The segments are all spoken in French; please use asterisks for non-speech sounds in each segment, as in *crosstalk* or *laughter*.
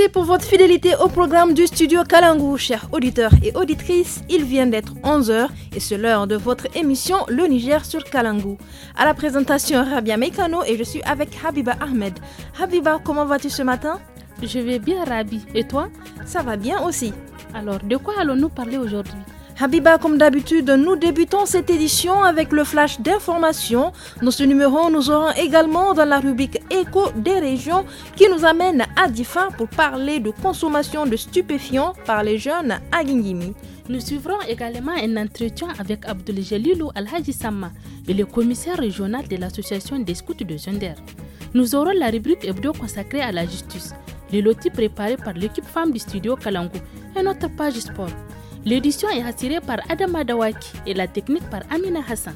Merci pour votre fidélité au programme du studio Kalangu, chers auditeurs et auditrices. Il vient d'être 11h et c'est l'heure de votre émission Le Niger sur Kalangu. À la présentation, Rabia Mekano et je suis avec Habiba Ahmed. Habiba, comment vas-tu ce matin Je vais bien, Rabi. Et toi Ça va bien aussi. Alors, de quoi allons-nous parler aujourd'hui Habiba, comme d'habitude, nous débutons cette édition avec le flash d'information. Dans ce numéro, nous aurons également dans la rubrique écho des régions qui nous amène à Difa pour parler de consommation de stupéfiants par les jeunes à Gingimi. Nous suivrons également un entretien avec Abdul Jalilou Al-Haji Samma, le commissaire régional de l'association des scouts de Zender. Nous aurons la rubrique hebdo consacrée à la justice, les lotis préparés par l'équipe femme du studio Kalangu et notre page sport. L'édition est assurée par Adama Dawaki et la technique par Amina Hassan.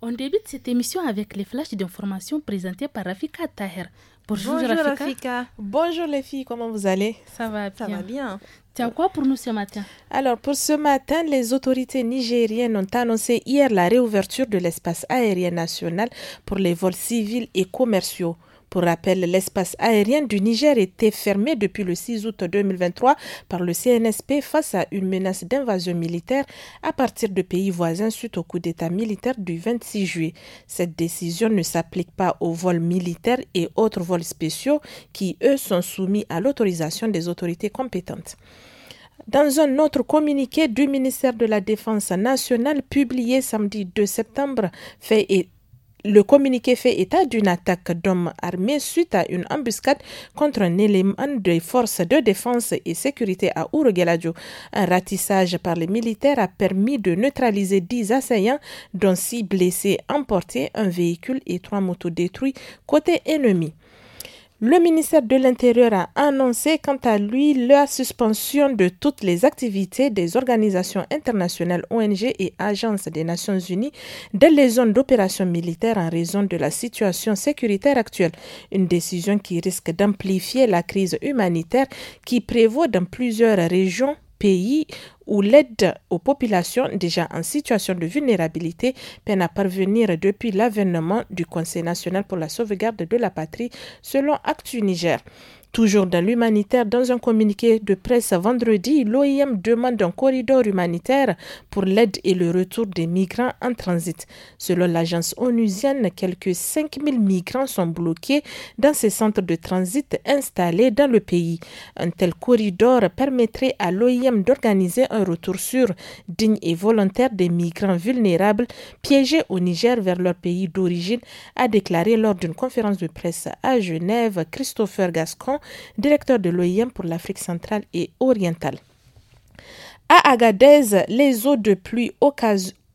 On débute cette émission avec les flashs d'informations présentés par Rafika Taher. Bonjour, Bonjour Bonjour les filles, comment vous allez Ça va bien. Ça va bien. Tiens quoi pour nous ce matin Alors pour ce matin, les autorités nigériennes ont annoncé hier la réouverture de l'espace aérien national pour les vols civils et commerciaux. Pour rappel, l'espace aérien du Niger était fermé depuis le 6 août 2023 par le CNSP face à une menace d'invasion militaire à partir de pays voisins suite au coup d'État militaire du 26 juillet. Cette décision ne s'applique pas aux vols militaires et autres vols spéciaux qui, eux, sont soumis à l'autorisation des autorités compétentes. Dans un autre communiqué du ministère de la Défense nationale publié samedi 2 septembre, fait le communiqué fait état d'une attaque d'hommes armés suite à une embuscade contre un élément des forces de défense et sécurité à Ourogeladjo. Un ratissage par les militaires a permis de neutraliser 10 assaillants, dont six blessés emportés, un véhicule et trois motos détruits côté ennemi. Le ministère de l'Intérieur a annoncé quant à lui la suspension de toutes les activités des organisations internationales ONG et agences des Nations Unies dans les zones d'opération militaire en raison de la situation sécuritaire actuelle, une décision qui risque d'amplifier la crise humanitaire qui prévaut dans plusieurs régions pays où l'aide aux populations déjà en situation de vulnérabilité peine à parvenir depuis l'avènement du Conseil national pour la sauvegarde de la patrie, selon Actu Niger. Toujours dans l'humanitaire, dans un communiqué de presse vendredi, l'OIM demande un corridor humanitaire pour l'aide et le retour des migrants en transit. Selon l'agence onusienne, quelques 5000 migrants sont bloqués dans ces centres de transit installés dans le pays. Un tel corridor permettrait à l'OIM d'organiser un retour sûr, digne et volontaire des migrants vulnérables piégés au Niger vers leur pays d'origine, a déclaré lors d'une conférence de presse à Genève Christopher Gascon, directeur de l'OIM pour l'Afrique centrale et orientale. À Agadez, les eaux de pluie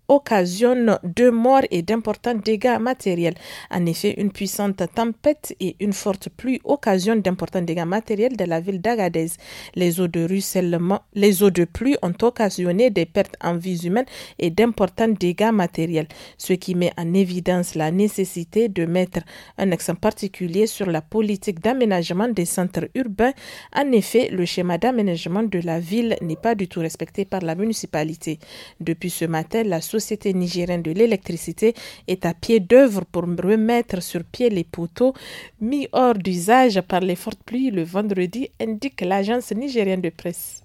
occasionne deux morts et d'importants dégâts matériels. En effet, une puissante tempête et une forte pluie occasionnent d'importants dégâts matériels de la ville d'Agadez. Les eaux de ruissellement, les eaux de pluie ont occasionné des pertes en vies humaines et d'importants dégâts matériels, ce qui met en évidence la nécessité de mettre un accent particulier sur la politique d'aménagement des centres urbains. En effet, le schéma d'aménagement de la ville n'est pas du tout respecté par la municipalité. Depuis ce matin, la société Société nigérienne de l'électricité est à pied d'œuvre pour remettre sur pied les poteaux mis hors d'usage par les fortes pluies le vendredi, indique l'agence nigérienne de presse.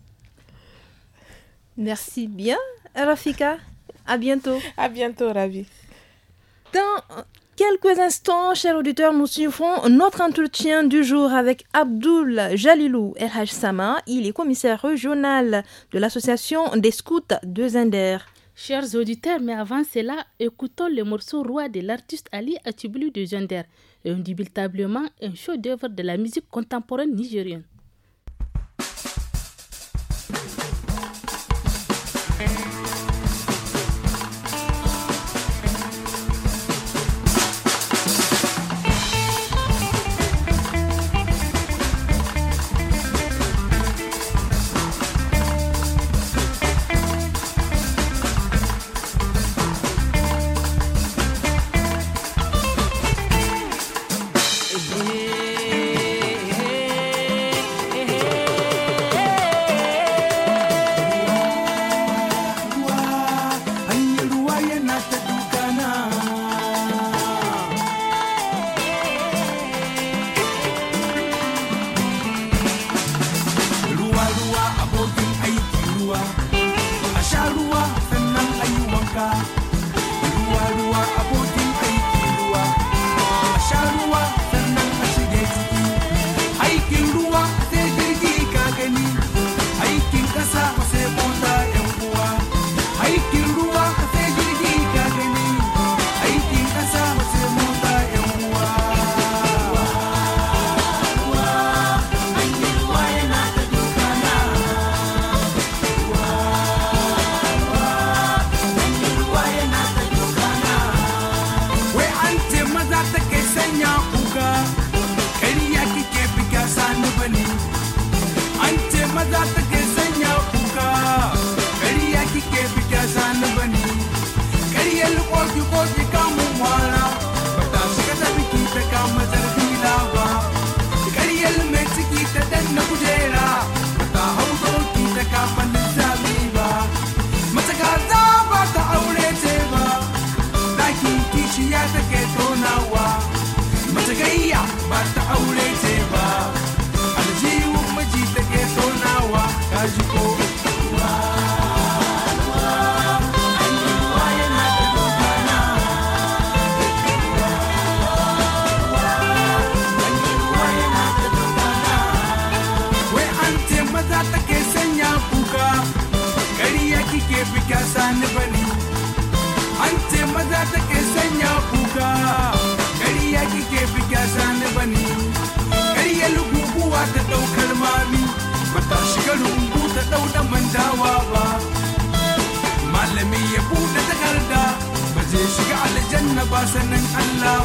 Merci bien, Rafika. À bientôt. À bientôt, Ravi. Dans quelques instants, chers auditeurs, nous suivrons notre entretien du jour avec Abdul Jalilou El Sama. Il est commissaire régional de l'association des scouts de Zinder. Chers auditeurs, mais avant cela, écoutons le morceau roi de l'artiste Ali Atibulu de Gender, indubitablement un chef-d'œuvre de la musique contemporaine nigérienne. rumbu ta ɗauɗa mandawa ba malami ya buɗe takarda ba zai shiga aljanna ba sanin Allah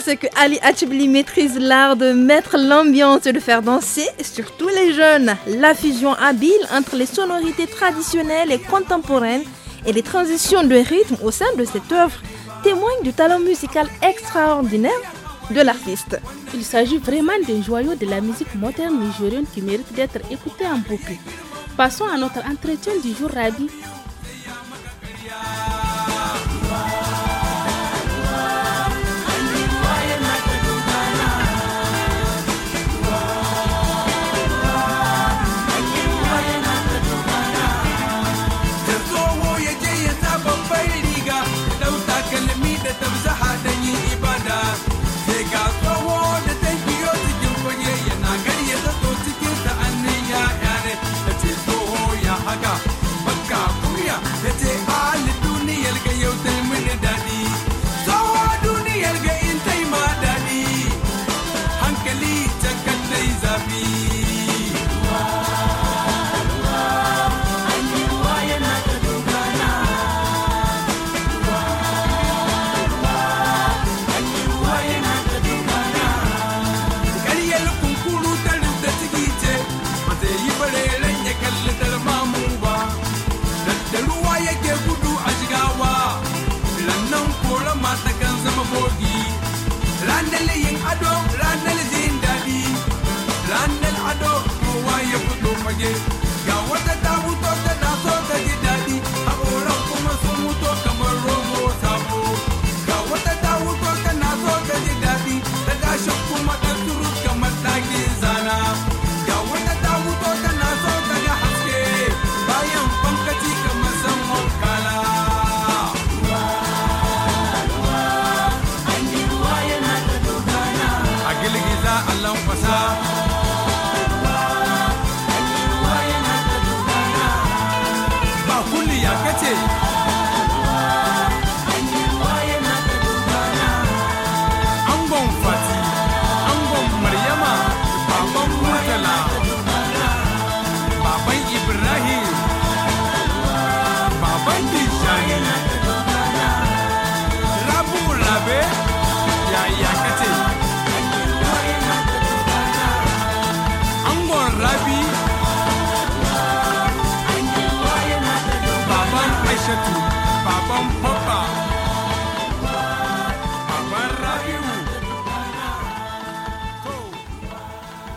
c'est que Ali Hachibli maîtrise l'art de mettre l'ambiance et de faire danser, surtout les jeunes. La fusion habile entre les sonorités traditionnelles et contemporaines et les transitions de rythme au sein de cette œuvre témoigne du talent musical extraordinaire de l'artiste. Il s'agit vraiment d'un joyau de la musique moderne nigérienne qui mérite d'être écouté en boucle. Passons à notre entretien du jour Rabi again.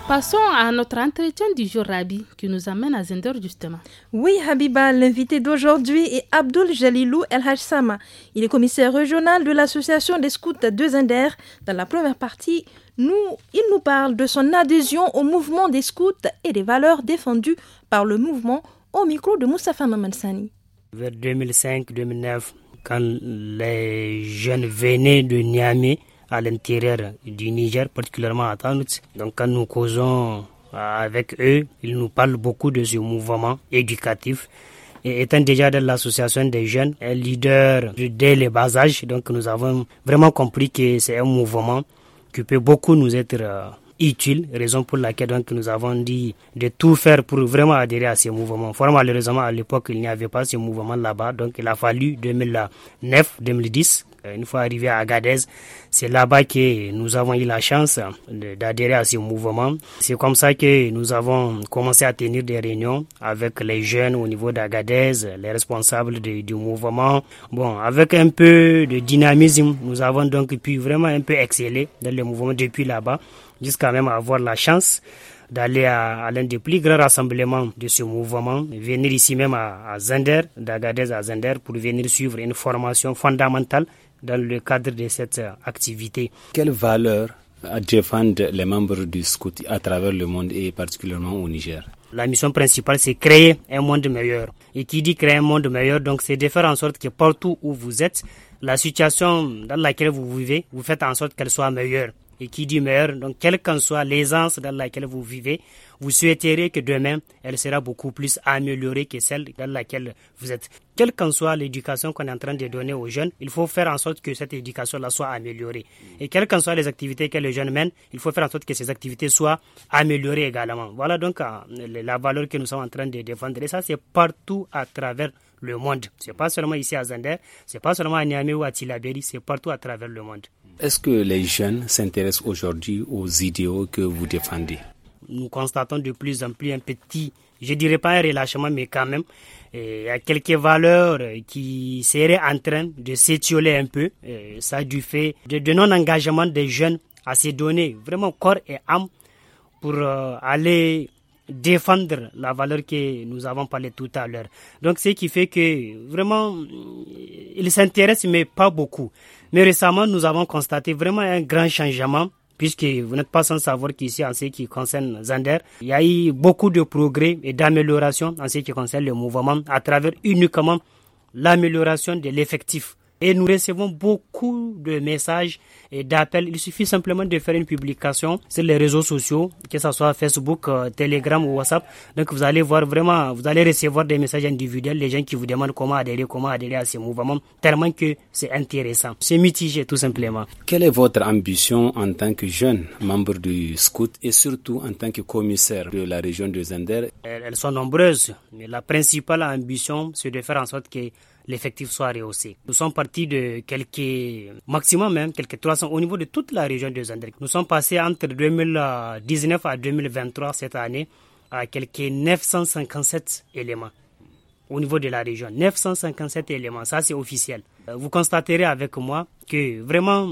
Passons à notre entretien du jour, Rabi, qui nous amène à Zender, justement. Oui, Habiba, l'invité d'aujourd'hui est Abdul Jalilou El Hajsama. Il est commissaire régional de l'association des scouts de Zender. Dans la première partie, nous, il nous parle de son adhésion au mouvement des scouts et des valeurs défendues par le mouvement au micro de Moustapha Mamansani. Vers 2005-2009, quand les jeunes venaient de Niamey, à l'intérieur du Niger, particulièrement à Tanout. Donc quand nous causons euh, avec eux, ils nous parlent beaucoup de ce mouvement éducatif. Et étant déjà de l'association des jeunes, leader dès les bas âge, donc nous avons vraiment compris que c'est un mouvement qui peut beaucoup nous être euh, utile, raison pour laquelle donc nous avons dit de tout faire pour vraiment adhérer à ce mouvement. Fort malheureusement, à l'époque, il n'y avait pas ce mouvement là-bas, donc il a fallu 2009-2010 euh, une fois arrivé à Agadez, c'est là-bas que nous avons eu la chance d'adhérer à ce mouvement. C'est comme ça que nous avons commencé à tenir des réunions avec les jeunes au niveau d'Agadez, les responsables du mouvement. Bon, avec un peu de dynamisme, nous avons donc pu vraiment un peu exceller dans le mouvement depuis là-bas, jusqu'à même avoir la chance d'aller à, l'un des plus grands rassemblements de ce mouvement, venir ici même à, à Zender, d'Agadez à Zender, pour venir suivre une formation fondamentale dans le cadre de cette euh, activité. Quelle valeur défendent les membres du scout à travers le monde et particulièrement au Niger la mission principale, c'est créer un monde meilleur. Et qui dit créer un monde meilleur, donc c'est de faire en sorte que partout où vous êtes, la situation dans laquelle vous vivez, vous faites en sorte qu'elle soit meilleure. Et qui dit meilleure, donc quelle qu'en soit l'aisance dans laquelle vous vivez, vous souhaiterez que demain, elle sera beaucoup plus améliorée que celle dans laquelle vous êtes. Quelle qu'en soit l'éducation qu'on est en train de donner aux jeunes, il faut faire en sorte que cette éducation-là soit améliorée. Et quelles qu'en soient les activités que les jeunes mènent, il faut faire en sorte que ces activités soient améliorées également. Voilà donc euh, la valeur que nous sommes en train de défendre. Et ça, c'est partout à travers le monde. C'est pas seulement ici à Zander, c'est pas seulement à Niamey ou à Tillabéri, c'est partout à travers le monde. Est-ce que les jeunes s'intéressent aujourd'hui aux idéaux que vous défendez nous constatons de plus en plus un petit, je dirais pas un relâchement, mais quand même, euh, il y a quelques valeurs euh, qui seraient en train de s'étioler un peu. Euh, ça du fait de, de non-engagement des jeunes à se donner vraiment corps et âme pour aller défendre la valeur que nous avons parlé tout à l'heure. Donc, ce qui fait que vraiment, ils s'intéressent, mais pas beaucoup. Mais récemment, nous avons constaté vraiment un grand changement puisque vous n'êtes pas sans savoir qu'ici, en ce qui concerne Zander, il y a eu beaucoup de progrès et d'amélioration en ce qui concerne le mouvement à travers uniquement l'amélioration de l'effectif. Et nous recevons beaucoup de messages et d'appels. Il suffit simplement de faire une publication sur les réseaux sociaux, que ce soit Facebook, euh, Telegram ou WhatsApp. Donc vous allez voir vraiment, vous allez recevoir des messages individuels, les gens qui vous demandent comment adhérer, comment adhérer à ces mouvements tellement que c'est intéressant. C'est mitigé tout simplement. Quelle est votre ambition en tant que jeune membre du SCOUT et surtout en tant que commissaire de la région de Zender Elles sont nombreuses, mais la principale ambition, c'est de faire en sorte que l'effectif soit rehaussé. Nous sommes partis de quelques, maximum même, hein, quelques 300 au niveau de toute la région de Zandrik. Nous sommes passés entre 2019 à 2023 cette année à quelques 957 éléments au niveau de la région. 957 éléments, ça c'est officiel. Euh, vous constaterez avec moi que vraiment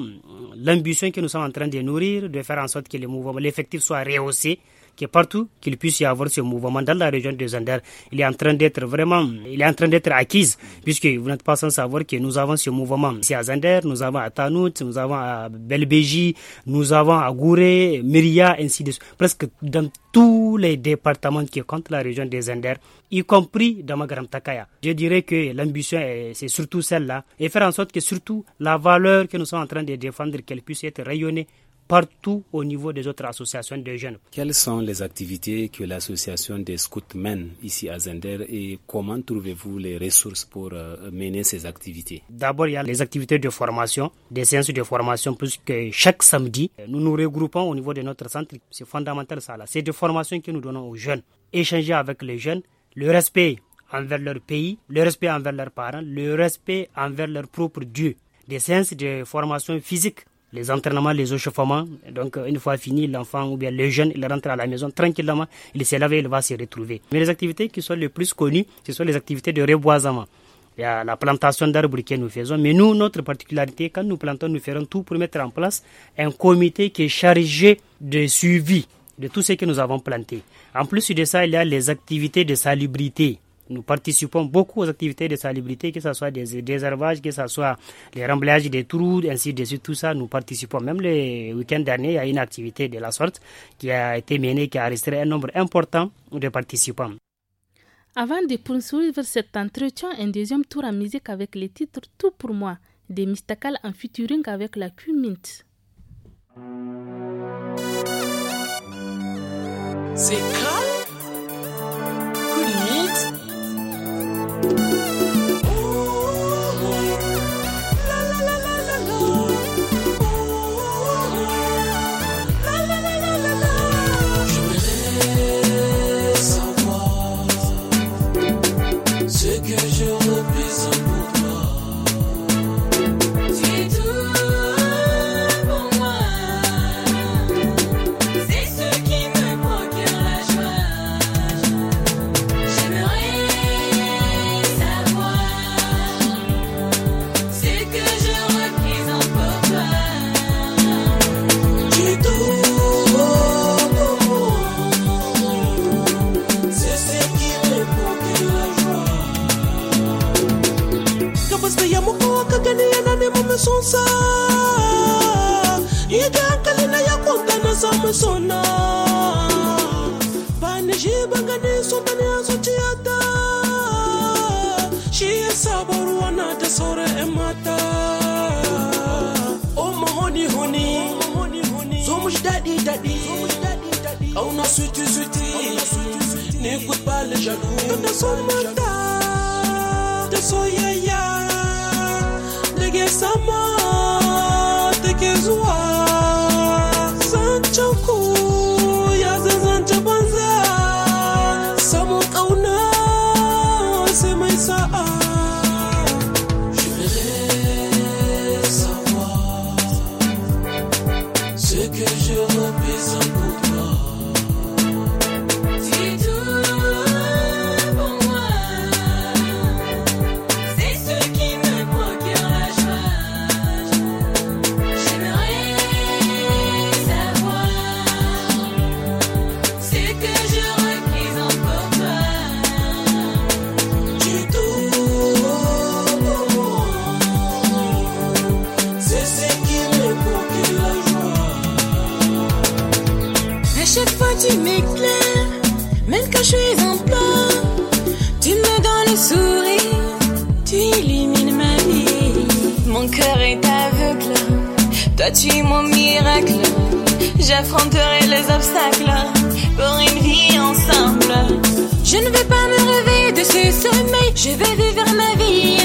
l'ambition que nous sommes en train de nourrir, de faire en sorte que l'effectif soit rehaussé, que partout qu'il puisse y avoir ce mouvement dans la région de Zander, il est en train d'être vraiment, il est en train d'être acquise, puisque vous n'êtes pas sans savoir que nous avons ce mouvement ici à Zander, nous avons à Tanout, nous avons à Belbéji, nous avons à Gouré, Myria, ainsi de suite. Presque dans tous les départements qui comptent la région des Zander, y compris dans Magaram Takaya. Je dirais que l'ambition, c'est surtout celle-là, et faire en sorte que surtout la valeur que nous sommes en train de défendre, qu'elle puisse être rayonnée partout au niveau des autres associations de jeunes. Quelles sont les activités que l'association des scouts mène ici à Zender et comment trouvez-vous les ressources pour euh, mener ces activités D'abord, il y a les activités de formation, des séances de formation, puisque chaque samedi, nous nous regroupons au niveau de notre centre. C'est fondamental ça. C'est des formations que nous donnons aux jeunes. Échanger avec les jeunes, le respect envers leur pays, le respect envers leurs parents, le respect envers leur propre Dieu. Des séances de formation physique les entraînements, les échauffements. Donc, euh, une fois fini, l'enfant ou bien le jeune, il rentre à la maison tranquillement, il s'est lavé, il va se retrouver. Mais les activités qui sont les plus connues, ce sont les activités de reboisement. Il y a la plantation d'arbres que nous faisons. Mais nous, notre particularité, quand nous plantons, nous ferons tout pour mettre en place un comité qui est chargé de suivi de tout ce que nous avons planté. En plus de ça, il y a les activités de salubrité. Nous participons beaucoup aux activités de salubrité, que ce soit des désherbages, que ce soit les remblayages des trous, ainsi de suite, tout ça, nous participons. Même le week-end dernier, il y a une activité de la sorte qui a été menée, qui a resté un nombre important de participants. Avant de poursuivre cet entretien, un deuxième tour en musique avec les titres Tout pour moi des Mistakal en featuring avec la Q-Mint. C'est quoi Música sunsa idan kalina ya kunta na samu suna ba ni shi ban gani suna ne a zuciyata shi ya saba ruwa na da sauran 'yan mata o mahoni honi zo mu shi daɗi suti suti ne gudba le jaloux da son take some more, take J'affronterai les obstacles pour une vie ensemble. Je ne vais pas me réveiller de ce sommeil, je vais vivre ma vie.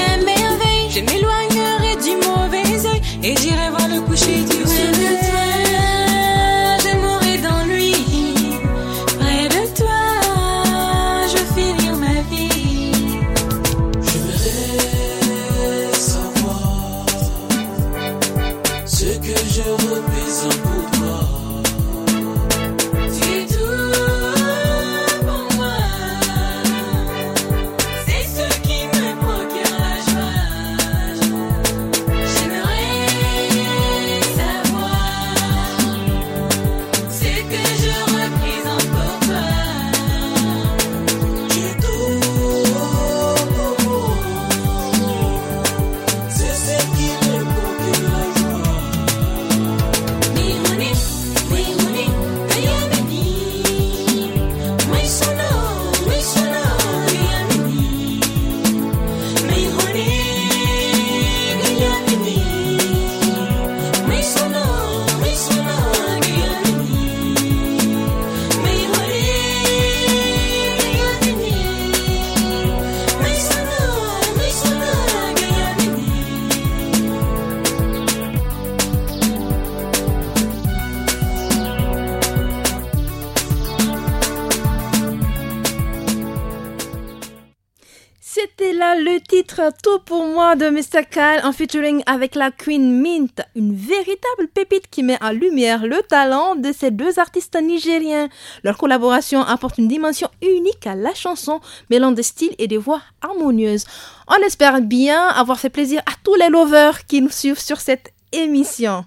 de Mr. Kyle en featuring avec la Queen Mint, une véritable pépite qui met en lumière le talent de ces deux artistes nigériens. Leur collaboration apporte une dimension unique à la chanson, mêlant des styles et des voix harmonieuses. On espère bien avoir fait plaisir à tous les lovers qui nous suivent sur cette émission.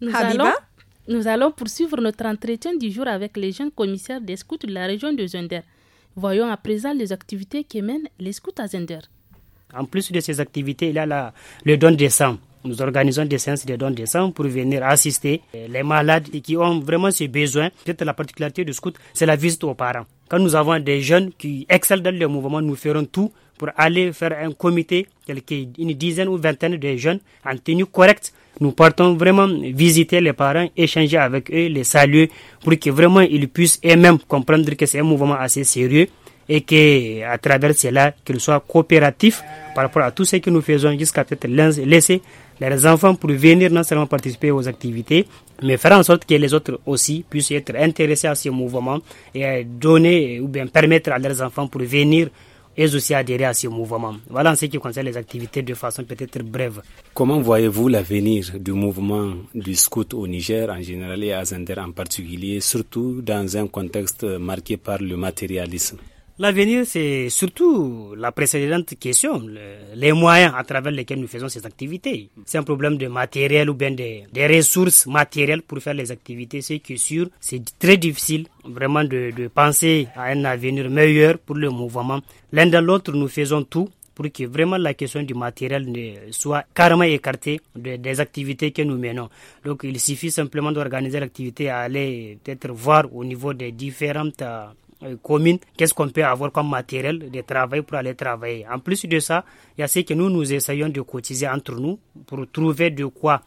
Nous allons, Nous allons poursuivre notre entretien du jour avec les jeunes commissaires des scouts de la région de Zender. Voyons à présent les activités qui mènent les scouts à Zender. En plus de ces activités, il y a le don de sang. Nous organisons des séances de don de sang pour venir assister les malades qui ont vraiment ce besoin. Peut-être la particularité du scout, c'est la visite aux parents. Quand nous avons des jeunes qui excellent dans le mouvement, nous ferons tout pour aller faire un comité, une dizaine ou vingtaine de jeunes en tenue correcte. Nous partons vraiment visiter les parents, échanger avec eux, les saluer pour que vraiment ils puissent eux-mêmes comprendre que c'est un mouvement assez sérieux et que à travers cela, qu'ils soient coopératifs par rapport à tout ce que nous faisons jusqu'à peut-être laisser les enfants pour venir non seulement participer aux activités, mais faire en sorte que les autres aussi puissent être intéressés à ce mouvement et donner ou bien permettre à leurs enfants pour venir et aussi adhérer à ce mouvement. Voilà en ce qui concerne les activités de façon peut-être brève. Comment voyez-vous l'avenir du mouvement du scout au Niger en général et à Zender en particulier, surtout dans un contexte marqué par le matérialisme L'avenir, c'est surtout la précédente question, les moyens à travers lesquels nous faisons ces activités. C'est un problème de matériel ou bien des, ressources matérielles pour faire les activités. C'est que sûr, c'est très difficile vraiment de, penser à un avenir meilleur pour le mouvement. L'un de l'autre, nous faisons tout pour que vraiment la question du matériel ne soit carrément écartée des activités que nous menons. Donc il suffit simplement d'organiser l'activité aller peut-être voir au niveau des différentes euh, euh, communes, qu'est-ce qu'on peut avoir comme matériel de travail pour aller travailler. En plus de ça, il y a ce que nous, nous essayons de cotiser entre nous pour trouver de quoi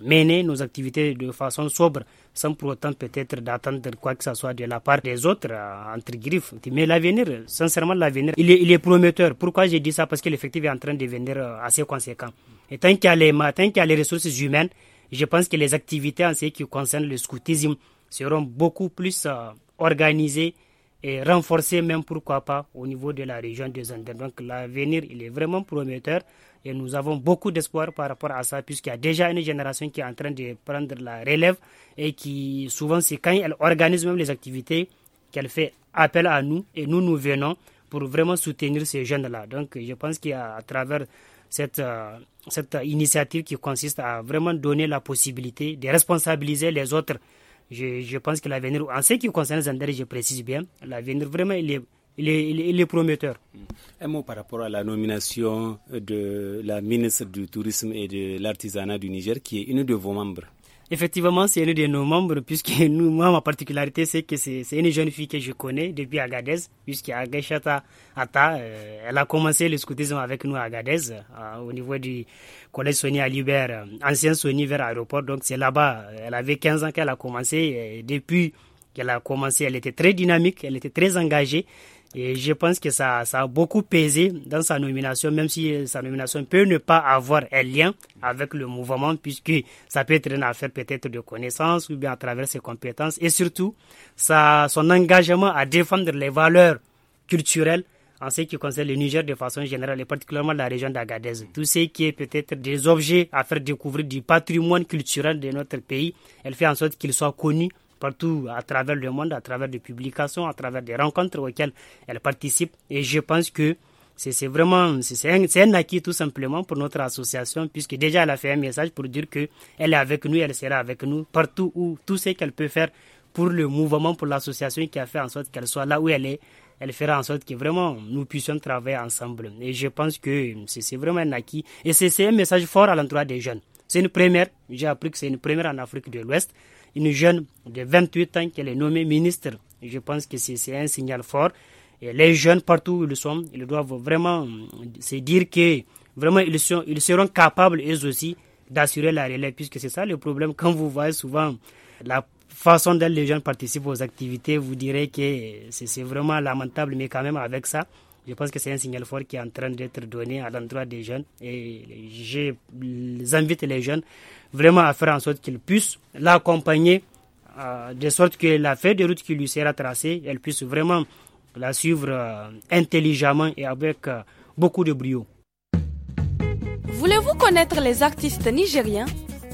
mener nos activités de façon sobre, sans pour autant peut-être d'attendre quoi que ce soit de la part des autres, euh, entre griffes. Mais l'avenir, sincèrement, l'avenir, il est, il est prometteur. Pourquoi j'ai dit ça Parce que l'effectif est en train de devenir euh, assez conséquent. Et qu'il y les, tant qu'il y a les ressources humaines, je pense que les activités en ce qui concerne le scoutisme seront beaucoup plus organisées et renforcer même, pourquoi pas, au niveau de la région des Andes. Donc l'avenir, il est vraiment prometteur et nous avons beaucoup d'espoir par rapport à ça puisqu'il y a déjà une génération qui est en train de prendre la relève et qui souvent c'est quand elle organise même les activités qu'elle fait appel à nous et nous nous venons pour vraiment soutenir ces jeunes-là. Donc je pense qu'à travers cette, euh, cette initiative qui consiste à vraiment donner la possibilité de responsabiliser les autres je, pense que l'avenir, en ce qui concerne Zander, je précise bien, l'avenir vraiment, il est, prometteur. Un mot par rapport à la nomination de la ministre du Tourisme et de l'Artisanat du Niger, qui est une de vos membres. Effectivement, c'est une de nos membres, puisque *laughs* nous, moi, ma particularité, c'est que c'est une jeune fille que je connais depuis Agadez, puisque Agachata Ata, euh, elle a commencé le scoutisme avec nous à Agadez, euh, au niveau du collège Sony Alibert, euh, ancien Sony vers aéroport. Donc, c'est là-bas. Elle avait 15 ans qu'elle a commencé. depuis qu'elle a commencé, elle était très dynamique, elle était très engagée. Et je pense que ça, ça a beaucoup pesé dans sa nomination, même si sa nomination peut ne pas avoir un lien avec le mouvement, puisque ça peut être une affaire peut-être de connaissance ou bien à travers ses compétences. Et surtout, ça, son engagement à défendre les valeurs culturelles en ce qui concerne le Niger de façon générale et particulièrement la région d'Agadez. Tout ce qui est peut-être des objets à faire découvrir du patrimoine culturel de notre pays, elle fait en sorte qu'il soit connu partout à travers le monde, à travers des publications, à travers des rencontres auxquelles elle participe. Et je pense que c'est vraiment c'est un, acquis tout simplement pour notre association puisque déjà elle a fait un message pour dire qu'elle est avec nous elle sera avec nous partout où tout ce qu'elle peut faire pour le mouvement pour l'association qui a fait en sorte qu'elle soit là où elle est elle fera en sorte que vraiment nous puissions travailler ensemble et je pense que c'est vraiment un acquis et c'est un message fort à l'endroit des jeunes c'est une première j'ai appris que c'est une première en Afrique de l'Ouest une jeune de 28 ans qu'elle est nommée ministre. Je pense que c'est un signal fort. Et les jeunes, partout où ils sont, ils doivent vraiment euh, se dire que vraiment ils, sont, ils seront capables, eux aussi, d'assurer la relève, puisque c'est ça le problème. Quand vous voyez souvent la façon dont les jeunes participent aux activités, vous direz que c'est vraiment lamentable, mais quand même avec ça, je pense que c'est un signal fort qui est en train d'être donné à l'endroit des jeunes et j'invite les jeunes vraiment à faire en sorte qu'ils puissent l'accompagner euh, de sorte que la feuille de route qui lui sera tracée, elle puisse vraiment la suivre euh, intelligemment et avec euh, beaucoup de brio. Voulez-vous connaître les artistes nigériens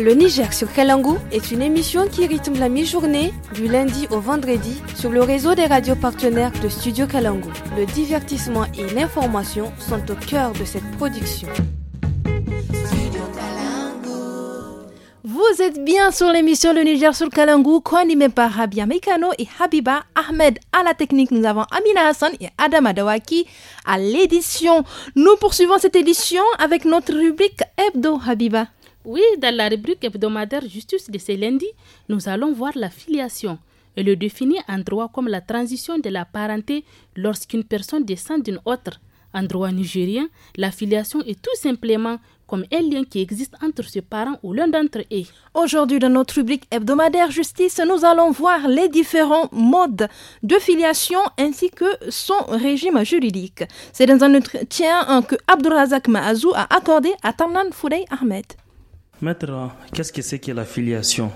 Le Niger sur Kalangu est une émission qui rythme la mi-journée du lundi au vendredi sur le réseau des radios partenaires de Studio Kalangu. Le divertissement et l'information sont au cœur de cette production. Vous êtes bien sur l'émission Le Niger sur Kalangu, co-animée par Rabia Mekano et Habiba Ahmed. À la technique, nous avons Amina Hassan et Adam Adawaki à l'édition. Nous poursuivons cette édition avec notre rubrique Hebdo Habiba. Oui, dans la rubrique hebdomadaire Justice de ce lundi, nous allons voir la filiation et le définir en droit comme la transition de la parenté lorsqu'une personne descend d'une autre. En droit nigérien, la filiation est tout simplement comme un lien qui existe entre ses parents ou l'un d'entre eux. Aujourd'hui, dans notre rubrique hebdomadaire justice, nous allons voir les différents modes de filiation ainsi que son régime juridique. C'est dans un entretien que Abdourazak Mahazou a accordé à Tamnan Foudey Ahmed. Maître, qu'est-ce que c'est que la filiation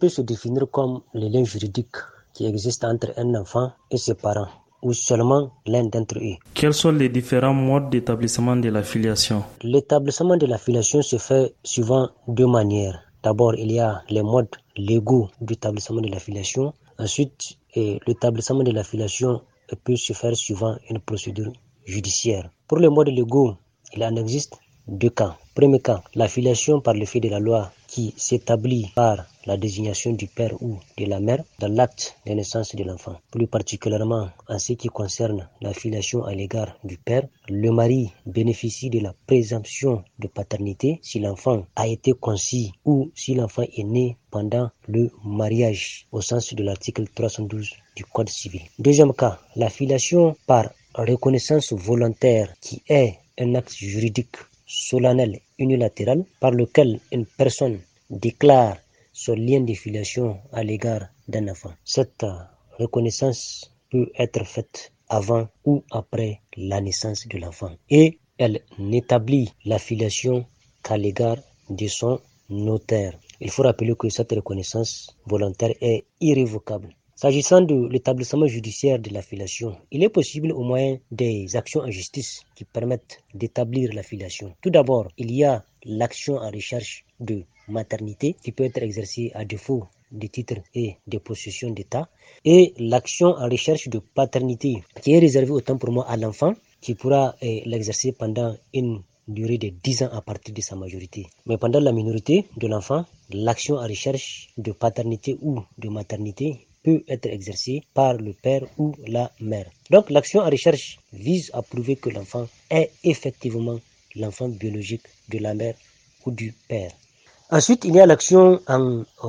peut se définir comme le lien juridique qui existe entre un enfant et ses parents ou seulement l'un d'entre eux. Quels sont les différents modes d'établissement de l'affiliation L'établissement de l'affiliation se fait suivant deux manières. D'abord, il y a les modes légaux d'établissement de l'affiliation. Ensuite, l'établissement de l'affiliation peut se faire suivant une procédure judiciaire. Pour les modes légaux, il en existe deux cas. Premier cas, l'affiliation par le fait de la loi qui s'établit par la désignation du père ou de la mère dans l'acte de naissance de l'enfant. Plus particulièrement en ce qui concerne l'affiliation à l'égard du père, le mari bénéficie de la présomption de paternité si l'enfant a été conçu ou si l'enfant est né pendant le mariage au sens de l'article 312 du Code civil. Deuxième cas, la filiation par reconnaissance volontaire qui est un acte juridique solennel unilatéral par lequel une personne déclare son lien de filiation à l'égard d'un enfant. Cette euh, reconnaissance peut être faite avant ou après la naissance de l'enfant et elle n'établit la filiation qu'à l'égard de son notaire. Il faut rappeler que cette reconnaissance volontaire est irrévocable. S'agissant de l'établissement judiciaire de l'affiliation, il est possible au moyen des actions en justice qui permettent d'établir l'affiliation. Tout d'abord, il y a l'action en recherche de maternité qui peut être exercée à défaut des titres et des possessions d'État, et l'action en recherche de paternité qui est réservée autant pour moi à l'enfant qui pourra eh, l'exercer pendant une durée de 10 ans à partir de sa majorité. Mais pendant la minorité de l'enfant, l'action en recherche de paternité ou de maternité peut être exercée par le père ou la mère. Donc l'action en recherche vise à prouver que l'enfant est effectivement l'enfant biologique de la mère ou du père. Ensuite, il y a l'action en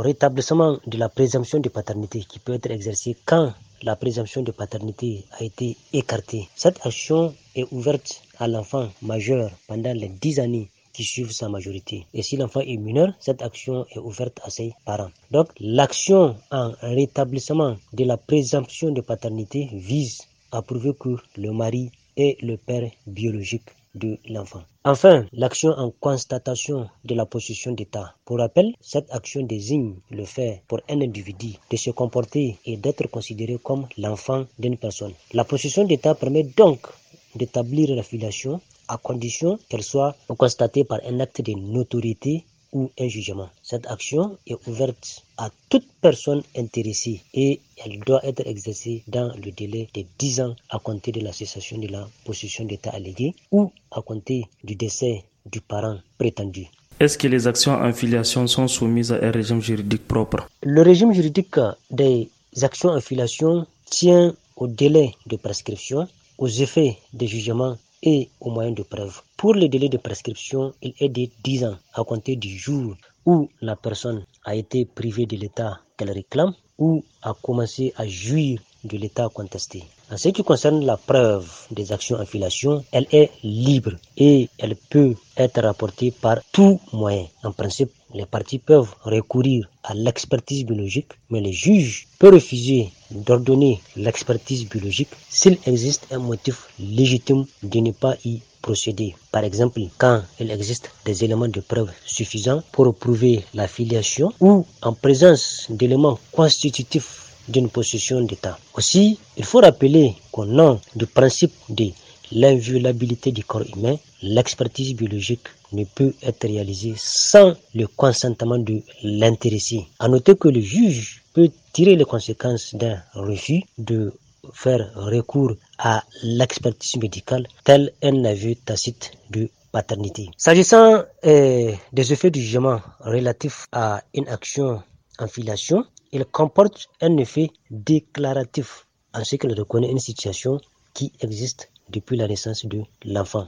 rétablissement de la présomption de paternité qui peut être exercée quand la présomption de paternité a été écartée. Cette action est ouverte à l'enfant majeur pendant les 10 années qui suivent sa majorité. Et si l'enfant est mineur, cette action est ouverte à ses parents. Donc l'action en rétablissement de la présomption de paternité vise à prouver que le mari est le père biologique de l'enfant. Enfin, l'action en constatation de la possession d'État. Pour rappel, cette action désigne le fait pour un individu de se comporter et d'être considéré comme l'enfant d'une personne. La possession d'État permet donc d'établir la filiation à condition qu'elle soit constatée par un acte de notoriété ou un jugement. Cette action est ouverte à toute personne intéressée et elle doit être exercée dans le délai de 10 ans à compter de la cessation de la possession d'état allégué ou à compter du décès du parent prétendu. Est-ce que les actions en filiation sont soumises à un régime juridique propre Le régime juridique des actions en filiation tient au délai de prescription, aux effets des jugements et au moyen de preuve. Pour le délai de prescription, il est de 10 ans à compter du jour où la personne a été privée de l'État qu'elle réclame ou a commencé à jouir de l'État contesté. En ce qui concerne la preuve des actions en filiation, elle est libre et elle peut être rapportée par tout moyen. En principe, les parties peuvent recourir à l'expertise biologique, mais le juge peut refuser d'ordonner l'expertise biologique s'il existe un motif légitime de ne pas y procéder. Par exemple, quand il existe des éléments de preuve suffisants pour prouver la filiation ou en présence d'éléments constitutifs d'une possession d'État. Aussi, il faut rappeler qu'au nom du principe de l'inviolabilité du corps humain, l'expertise biologique ne peut être réalisée sans le consentement de l'intéressé. À noter que le juge peut tirer les conséquences d'un refus de faire recours à l'expertise médicale, tel un aveu tacite de paternité. S'agissant eh, des effets du jugement relatifs à une action en filiation, il comporte un effet déclaratif en ce qu'il reconnaît une situation qui existe depuis la naissance de l'enfant.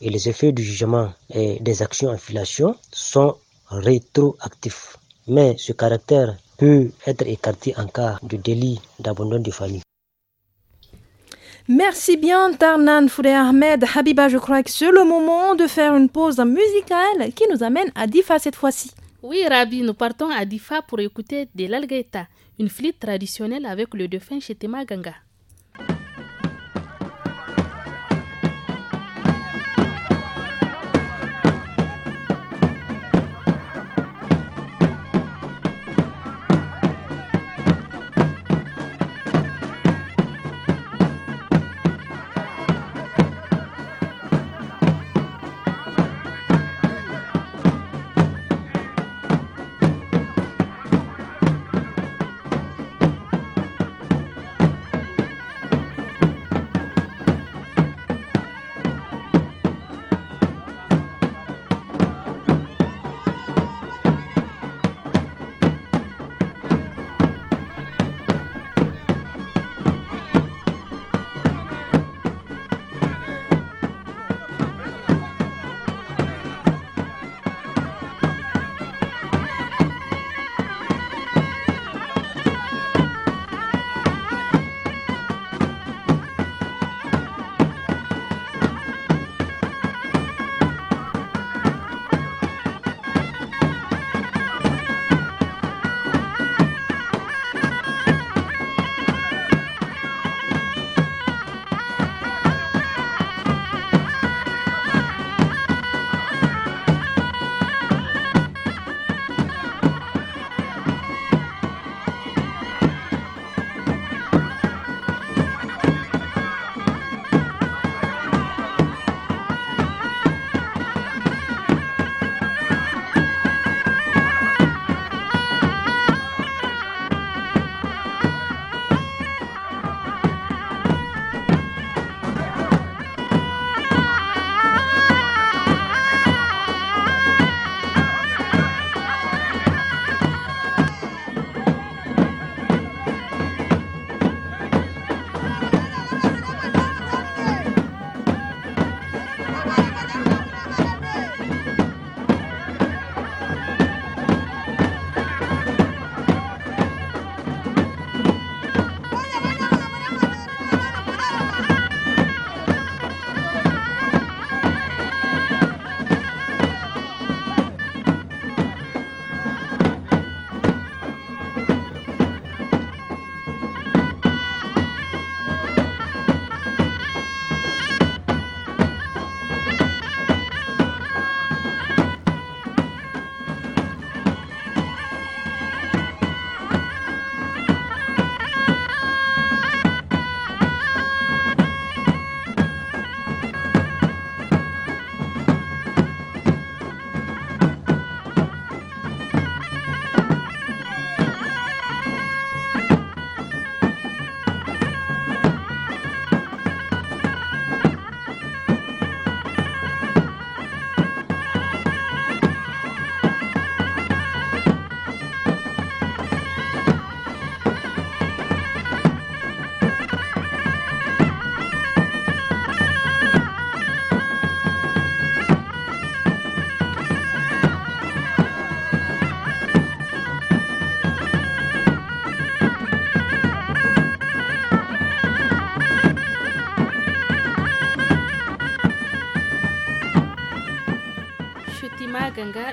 Et les effets du jugement et des actions en filation sont rétroactifs. Mais ce caractère peut être écarté en cas de délit d'abandon de famille. Merci bien Tarnan Foudé Ahmed. Habiba, je crois que c'est le moment de faire une pause musicale qui nous amène à Difa cette fois-ci. Oui, Rabbi, nous partons à Difa pour écouter de l'algaïta, une flûte traditionnelle avec le dauphin Chetema Ganga.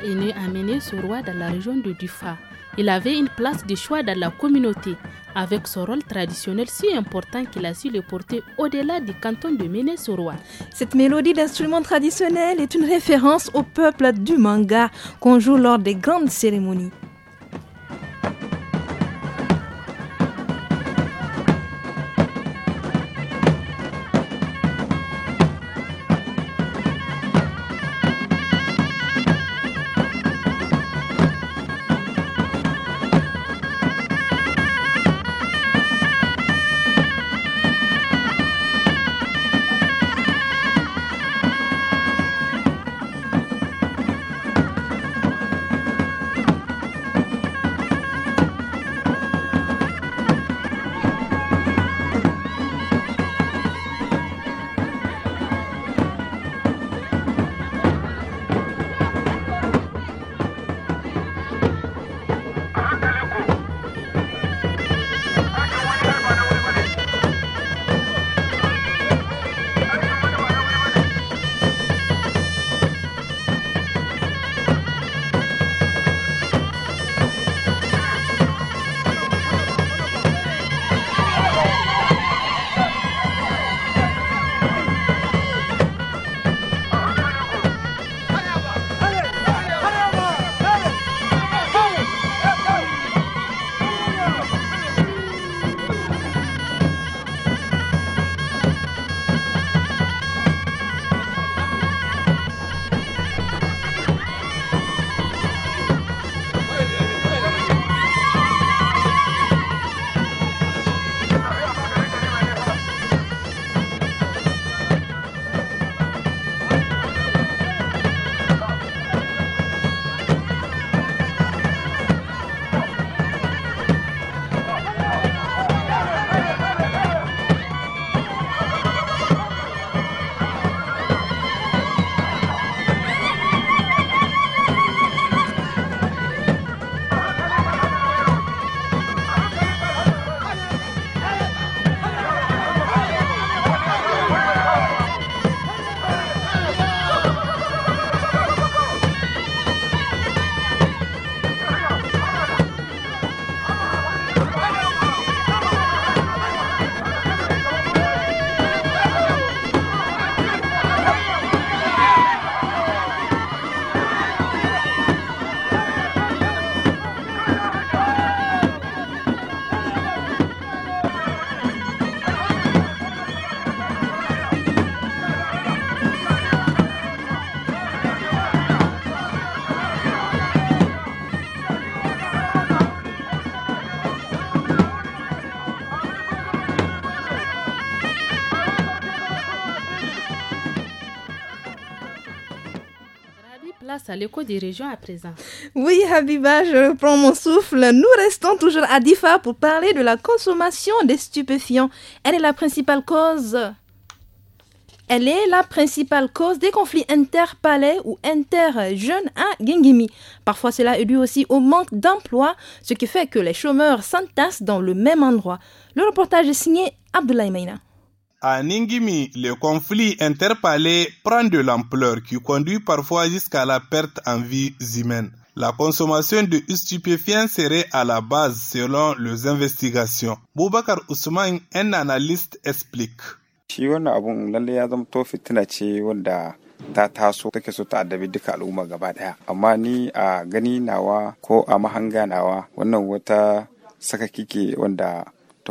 né à ce roi dans la région de Dufa. Il avait une place de choix dans la communauté, avec son rôle traditionnel si important qu'il a su le porter au-delà du canton de Méné-sur-Roi. Cette mélodie d'instrument traditionnel est une référence au peuple du manga qu'on joue lors des grandes cérémonies. à l'écho des régions à présent. Oui, Habiba, je reprends mon souffle. Nous restons toujours à Difa pour parler de la consommation des stupéfiants. Elle est la principale cause. Elle est la principale cause des conflits interpalais ou interjeunes à Genghimi. Parfois, cela est dû aussi au manque d'emploi, ce qui fait que les chômeurs s'entassent dans le même endroit. Le reportage est signé Abdoulaye Meina. À Ningimi, le conflit interpalais prend de l'ampleur qui conduit parfois jusqu'à la perte en vie humaine. La consommation de stupéfiants serait à la base selon les investigations. Boubacar Ousmane, un analyste, explique.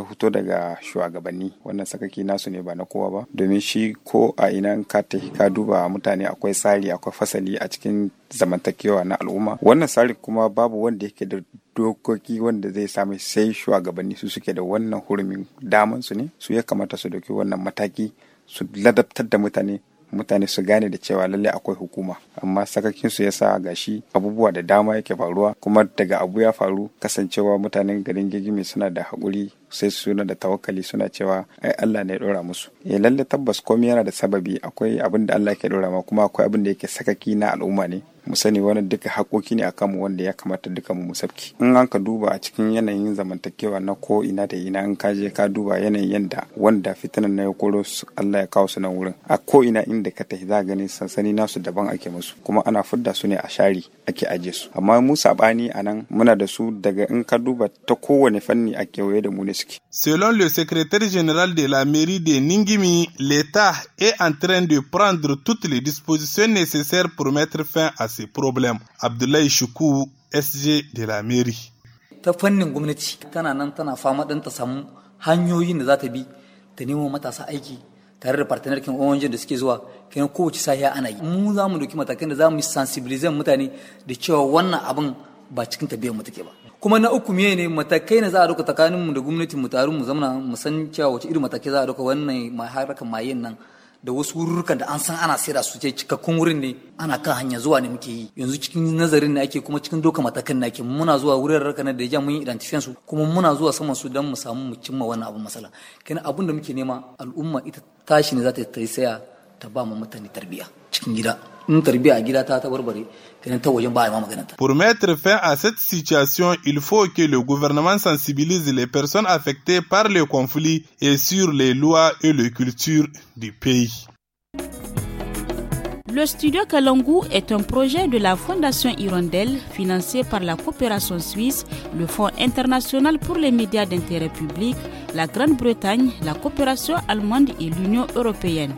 ta fito daga shugabanni wannan sakaki nasu ne ba na kowa ba domin shi ko a ina ka ka duba mutane akwai tsari akwai fasali a cikin zamantakewa na al'umma wannan tsari kuma babu wanda yake da dokoki wanda zai sami sai shugabanni su suke da wannan hurumin daman su ne su ya kamata su dauki wannan mataki su ladabtar da mutane mutane su gane da cewa lalle akwai hukuma amma sakakin su yasa gashi abubuwa da dama yake faruwa kuma daga abu ya faru kasancewa mutanen garin gigimi suna da haƙuri sai su suna da tawakkali suna cewa ai Allah ne ya dora musu eh lalle tabbas komai yana da sababi akwai abin da Allah ke dora ma kuma akwai abin da yake sakaki na al'umma ne mu sani wannan duka haƙoƙi ne akan mu wanda ya kamata duka mu musabki in an ka duba a cikin yanayin zamantakewa na ko ina da ina in ka je ka duba yanayin yanda wanda fitinan na ya koro su Allah ya kawo su nan wurin a ko ina inda ka tafi za gani sansani nasu daban ake musu kuma ana fudda su ne a shari ake aje su amma mu sabani anan muna da su daga in ka duba ta kowane fanni a kewaye da mu ne Mosque. Selon le secrétaire général de la mairie de Ningimi, l'État est en train de prendre toutes les dispositions nécessaires pour mettre fin à ces problèmes. Abdoulaye Choukou, SG de la mairie. ta fannin gwamnati tana nan tana fama ɗan ta hanyoyin da za ta bi ta matasa aiki tare da partenarkin ONG da suke zuwa kenan kowace sahiya ana yi mu za mu doki matakan da za mu sensibilizar mutane da cewa wannan abin ba cikin tabiyar mu take ba kuma na uku me ne matakai ne za a dauka tsakanin mu da gwamnatin mu taru mu zamana mu san cewa wace irin matakai za a dauka wannan mai harkar mayen nan da wasu wurrukan da an san ana saida su cikin cikakkun wurin ne ana kan hanya zuwa ne muke yi yanzu cikin nazarin ne ake kuma cikin doka matakan ne ake muna zuwa wurin raka da ya mun yi identification su kuma muna zuwa saman su don mu samu mu cimma wannan abun masala kenan abun da muke nema al'umma ita tashi ne za ta yi saya ta ba mu mutane tarbiya cikin gida in tarbiya a gida ta ta barbare Pour mettre fin à cette situation, il faut que le gouvernement sensibilise les personnes affectées par le conflit et sur les lois et les cultures du pays. Le studio Kalangu est un projet de la Fondation Hirondelle financé par la coopération suisse, le Fonds international pour les médias d'intérêt public, la Grande-Bretagne, la coopération allemande et l'Union européenne.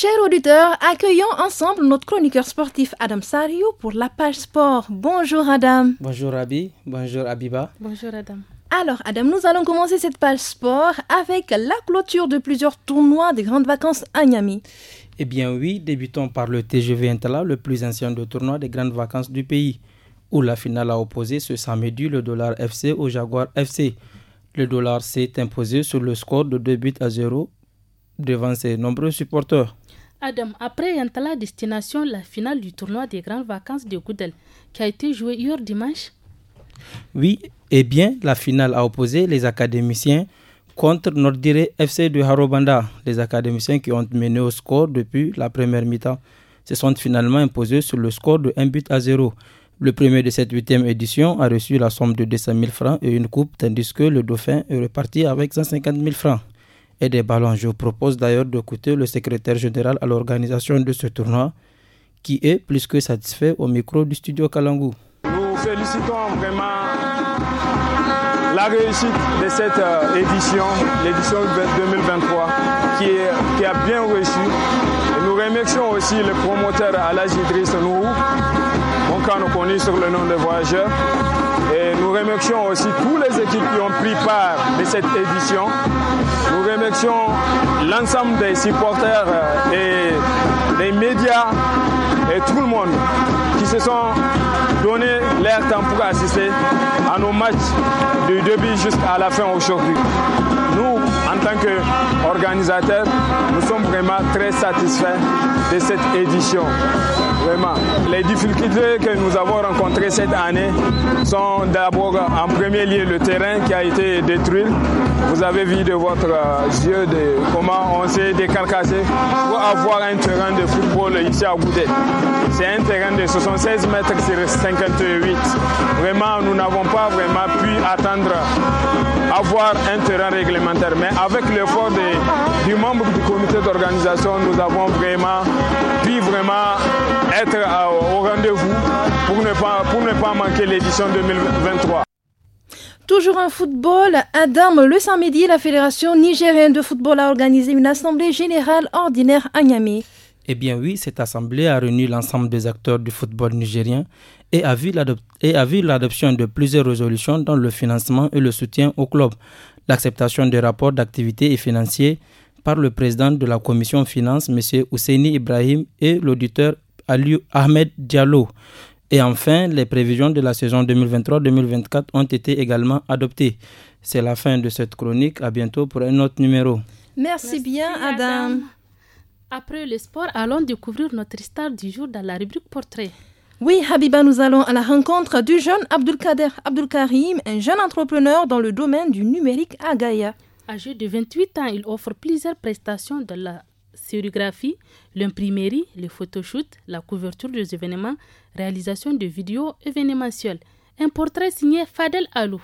Chers auditeurs, accueillons ensemble notre chroniqueur sportif Adam Sariou pour la page sport. Bonjour Adam. Bonjour Abi. Bonjour Abiba. Bonjour Adam. Alors Adam, nous allons commencer cette page sport avec la clôture de plusieurs tournois des grandes vacances à Niamey. Eh bien oui, débutons par le TGV Intala, le plus ancien de tournois des grandes vacances du pays, où la finale a opposé ce samedi le dollar FC au Jaguar FC. Le dollar s'est imposé sur le score de 2 buts à 0 devant ses nombreux supporters. Adam, après Yantala Destination, la finale du tournoi des grandes vacances de Goudel, qui a été jouée hier dimanche Oui, eh bien, la finale a opposé les académiciens contre Nordiré FC de Harobanda, les académiciens qui ont mené au score depuis la première mi-temps. Se sont finalement imposés sur le score de 1 but à 0. Le premier de cette huitième édition a reçu la somme de 200 000 francs et une coupe, tandis que le dauphin est reparti avec 150 000 francs et des ballons. Je vous propose d'ailleurs d'écouter le secrétaire général à l'organisation de ce tournoi, qui est plus que satisfait au micro du studio Kalangou. Nous félicitons vraiment la réussite de cette euh, édition, l'édition 2023, qui, est, qui, a bien reçu. nous remercions aussi le promoteur la Idriss Nourou mon camp nous connaît sur le nom de voyageurs. Et nous remercions aussi toutes les équipes qui ont pris part de cette édition. Nous remercions l'ensemble des supporters euh, et les médias et tout le monde qui se sont donné leur temps pour assister à nos matchs du début jusqu'à la fin aujourd'hui. Nous, en tant qu'organisateurs, nous sommes vraiment très satisfaits de cette édition. Vraiment, les difficultés que nous avons rencontrées cette année sont d'abord en premier lieu le terrain qui a été détruit. Vous avez vu de votre euh, yeux de comment on s'est décarcassé pour avoir un terrain de football ici à Goudet. C'est un terrain de 76 mètres sur 58. Vraiment, nous n'avons pas vraiment pu attendre avoir un terrain réglementaire. Mais avec l'effort du membre du comité d'organisation, nous avons vraiment pu vraiment être euh, au rendez-vous pour ne pas, pour ne pas manquer l'édition 2023. Toujours en football, Adam, le samedi, la Fédération nigérienne de football a organisé une assemblée générale ordinaire à Niamey. Eh bien oui, cette assemblée a réuni l'ensemble des acteurs du football nigérien et a vu l'adoption de plusieurs résolutions dans le financement et le soutien au club, l'acceptation des rapports d'activité et financiers par le président de la commission finance, M. Ousseini Ibrahim, et l'auditeur Ahmed Diallo. Et enfin, les prévisions de la saison 2023-2024 ont été également adoptées. C'est la fin de cette chronique. À bientôt pour un autre numéro. Merci, bien, Adam. Après le sport, allons découvrir notre star du jour dans la rubrique portrait. Oui, Habiba, nous allons à la rencontre du jeune Abdulkader Abdulkarim, un jeune entrepreneur dans le domaine du numérique à Gaïa. Âgé de 28 ans, il offre plusieurs prestations de la sérigraphie, l'imprimerie, le photoshoot, la couverture des événements, réalisation de vidéos événementielles. Un portrait signé Fadel Alou.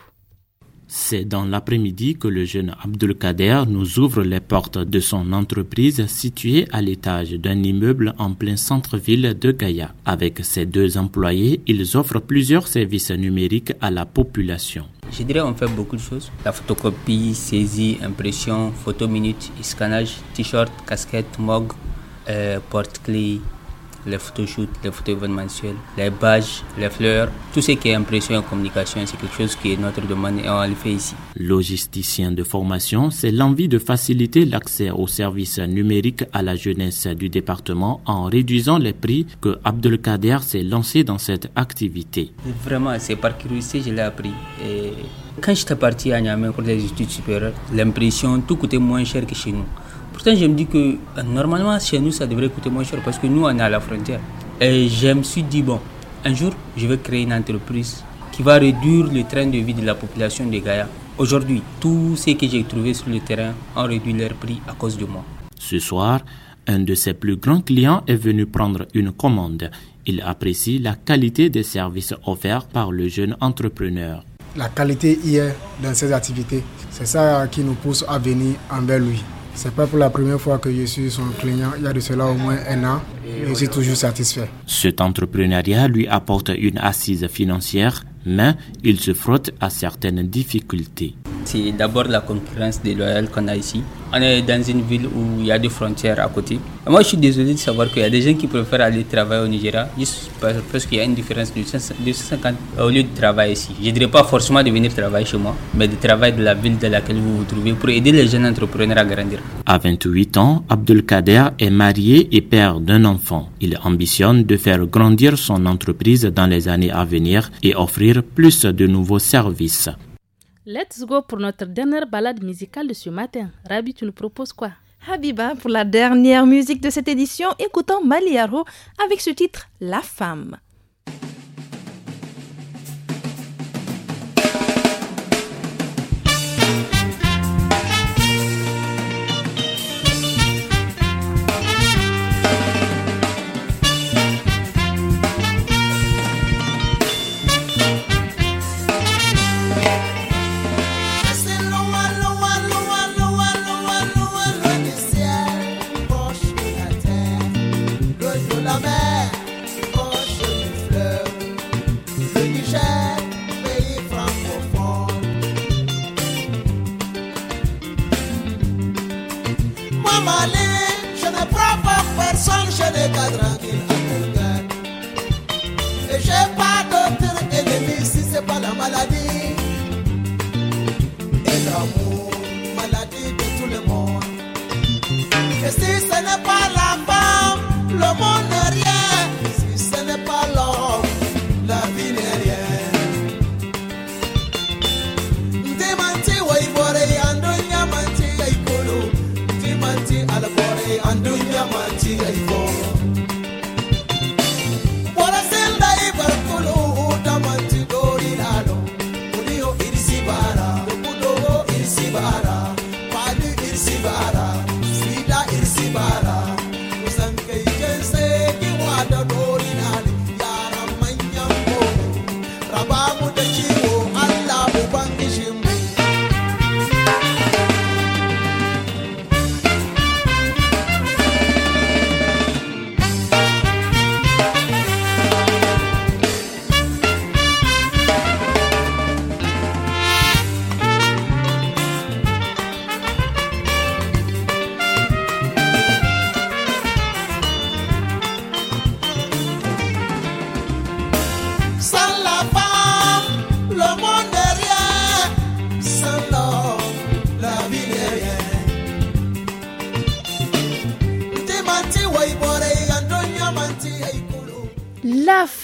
C'est dans l'après-midi que le jeune Abdelkader nous ouvre les portes de son entreprise située à l'étage d'un immeuble en plein centre-ville de Gaïa. Avec ses deux employés, ils offrent plusieurs services numériques à la population. Je dirais on fait beaucoup de choses. La photocopie, saisie, impression, photo minute, scannage, t-shirt, casquette, mog, euh, porte-clés, les photoshoots, les photos événementielles, les badges, les fleurs, tout ce qui est impression et communication, c'est quelque chose qui est notre domaine et on le fait ici. Logisticien de formation, c'est l'envie de faciliter l'accès aux services numériques à la jeunesse du département en réduisant les prix que Abdelkader s'est lancé dans cette activité. Vraiment, c'est par curiosité que je l'ai appris. Et quand j'étais parti à Niamey pour les études supérieures, l'impression, tout coûtait moins cher que chez nous. Pourtant, je me dis que euh, normalement, chez nous, ça devrait coûter moins cher parce que nous, on est à la frontière. Et je me suis dit, bon, un jour, je vais créer une entreprise qui va réduire le train de vie de la population de Gaïa. Aujourd'hui, tous ceux que j'ai trouvés sur le terrain ont réduit leur prix à cause de moi. Ce soir, un de ses plus grands clients est venu prendre une commande. Il apprécie la qualité des services offerts par le jeune entrepreneur. La qualité hier dans ses activités. C'est ça qui nous pousse à venir envers lui. C'est pas pour la première fois que je suis son client, il y a de cela au moins un an et je suis toujours satisfait. Cet entrepreneuriat lui apporte une assise financière, mais il se frotte à certaines difficultés. C'est d'abord la concurrence déloyale qu'on a ici on est dans une ville où il y a des frontières à côté. moi, je suis désolé de savoir qu'il y a des gens qui préfèrent aller travailler au Nigeria juste parce qu'il y a une différence de 250 au lieu de travailler ici. Je ne dirais pas forcément de venir travailler chez moi, mais de travailler de la ville dans laquelle vous vous trouvez pour aider les jeunes entrepreneurs à grandir. À 28 ans, Abdelkader est marié et père d'un enfant. Il ambitionne de faire grandir son entreprise dans les années à venir et offrir plus de nouveaux services. Let's go pour notre dernière balade musicale de ce matin. Rabi, tu nous proposes quoi Habiba, pour la dernière musique de cette édition, écoutons Maliaro avec ce titre La femme.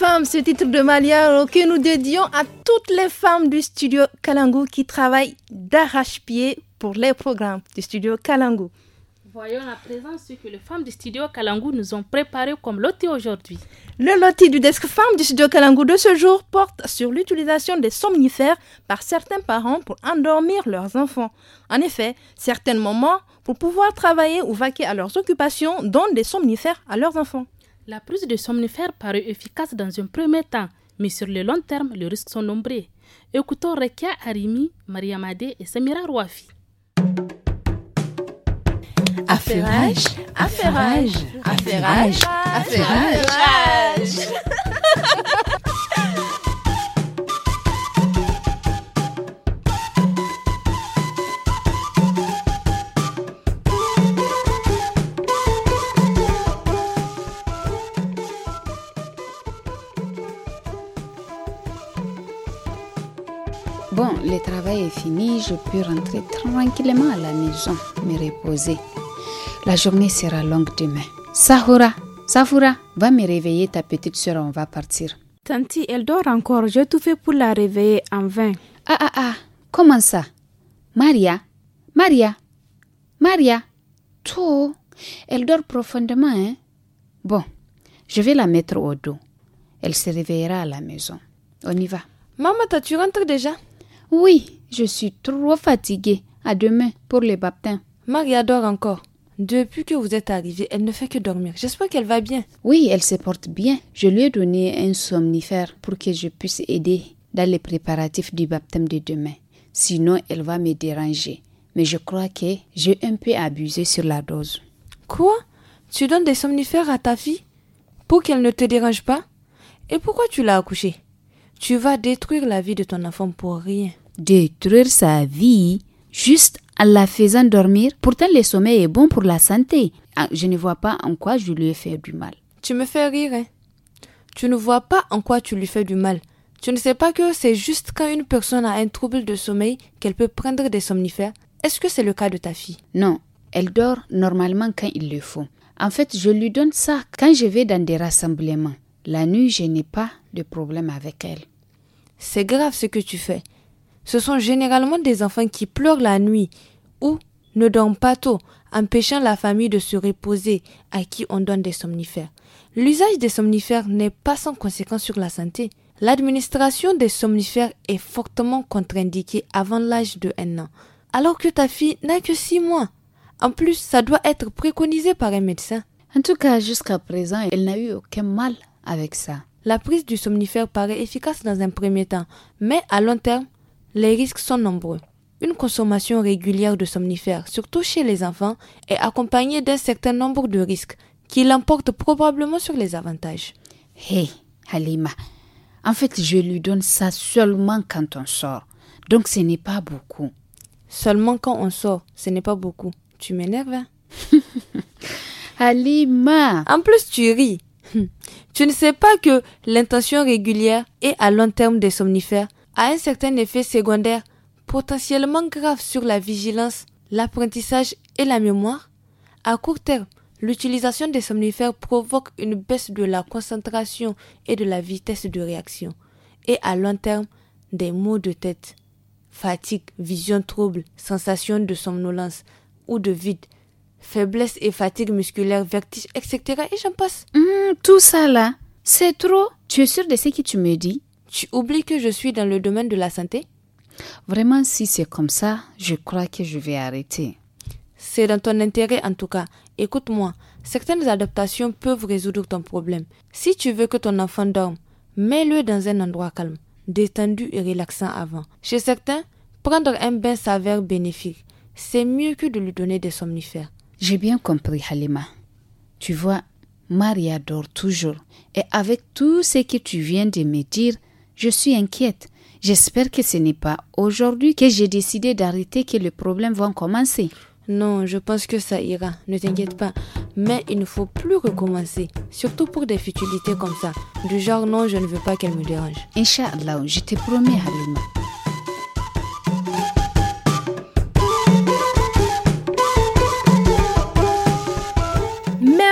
femmes, ce titre de Maliaro que nous dédions à toutes les femmes du studio Kalangu qui travaillent d'arrache-pied pour les programmes du studio Kalangu. Voyons à présent ce que les femmes du studio Kalangu nous ont préparé comme loti aujourd'hui. Le loti du desk femmes du studio Kalangu de ce jour porte sur l'utilisation des somnifères par certains parents pour endormir leurs enfants. En effet, certains moments pour pouvoir travailler ou vaquer à leurs occupations donnent des somnifères à leurs enfants. La prise de somnifères paraît efficace dans un premier temps, mais sur le long terme, les risques sont nombreux. Écoutons Rekia Harimi, Made et Samira Rouafi. le travail est fini, je peux rentrer tranquillement à la maison, me reposer. La journée sera longue demain. Sahura, Sahura, va me réveiller ta petite soeur, on va partir. Tanti, elle dort encore, j'ai tout fait pour la réveiller en vain. Ah ah ah, comment ça Maria, Maria, Maria, tout. Elle dort profondément, hein Bon, je vais la mettre au dos. Elle se réveillera à la maison. On y va. Maman, tu rentres déjà oui, je suis trop fatiguée. À demain pour le baptême. Marie adore encore. Depuis que vous êtes arrivée, elle ne fait que dormir. J'espère qu'elle va bien. Oui, elle se porte bien. Je lui ai donné un somnifère pour que je puisse aider dans les préparatifs du baptême de demain. Sinon, elle va me déranger. Mais je crois que j'ai un peu abusé sur la dose. Quoi Tu donnes des somnifères à ta fille Pour qu'elle ne te dérange pas Et pourquoi tu l'as accouchée tu vas détruire la vie de ton enfant pour rien. Détruire sa vie juste en la faisant dormir Pourtant, le sommeil est bon pour la santé. Ah, je ne vois pas en quoi je lui ai fait du mal. Tu me fais rire, hein. Tu ne vois pas en quoi tu lui fais du mal. Tu ne sais pas que c'est juste quand une personne a un trouble de sommeil qu'elle peut prendre des somnifères. Est-ce que c'est le cas de ta fille Non, elle dort normalement quand il le faut. En fait, je lui donne ça quand je vais dans des rassemblements. La nuit, je n'ai pas de problème avec elle c'est grave ce que tu fais. Ce sont généralement des enfants qui pleurent la nuit ou ne dorment pas tôt, empêchant la famille de se reposer à qui on donne des somnifères. L'usage des somnifères n'est pas sans conséquence sur la santé. L'administration des somnifères est fortement contre-indiquée avant l'âge de 1 an, alors que ta fille n'a que 6 mois. En plus, ça doit être préconisé par un médecin. En tout cas, jusqu'à présent, elle n'a eu aucun mal avec ça. La prise du somnifère paraît efficace dans un premier temps, mais à long terme, les risques sont nombreux. Une consommation régulière de somnifères, surtout chez les enfants, est accompagnée d'un certain nombre de risques qui l'emportent probablement sur les avantages. Hé, hey, Halima, en fait, je lui donne ça seulement quand on sort, donc ce n'est pas beaucoup. Seulement quand on sort, ce n'est pas beaucoup. Tu m'énerves, hein *laughs* Halima En plus, tu ris. Tu ne sais pas que l'intention régulière et à long terme des somnifères a un certain effet secondaire potentiellement grave sur la vigilance, l'apprentissage et la mémoire À court terme, l'utilisation des somnifères provoque une baisse de la concentration et de la vitesse de réaction, et à long terme, des maux de tête, fatigue, vision trouble, sensation de somnolence ou de vide, faiblesse et fatigue musculaire, vertige, etc. Et j'en passe. Hum, tout ça là, c'est trop. Tu es sûr de ce que tu me dis Tu oublies que je suis dans le domaine de la santé Vraiment, si c'est comme ça, je crois que je vais arrêter. C'est dans ton intérêt en tout cas. Écoute-moi, certaines adaptations peuvent résoudre ton problème. Si tu veux que ton enfant dorme, mets-le dans un endroit calme, détendu et relaxant avant. Chez certains, prendre un bain s'avère bénéfique. C'est mieux que de lui donner des somnifères. J'ai bien compris, Halima. Tu vois, Maria dort toujours. Et avec tout ce que tu viens de me dire, je suis inquiète. J'espère que ce n'est pas aujourd'hui que j'ai décidé d'arrêter que les problèmes vont commencer. Non, je pense que ça ira, ne t'inquiète pas. Mais il ne faut plus recommencer, surtout pour des futilités comme ça. Du genre, non, je ne veux pas qu'elle me dérange. Inch'Allah, je te promets, Halima.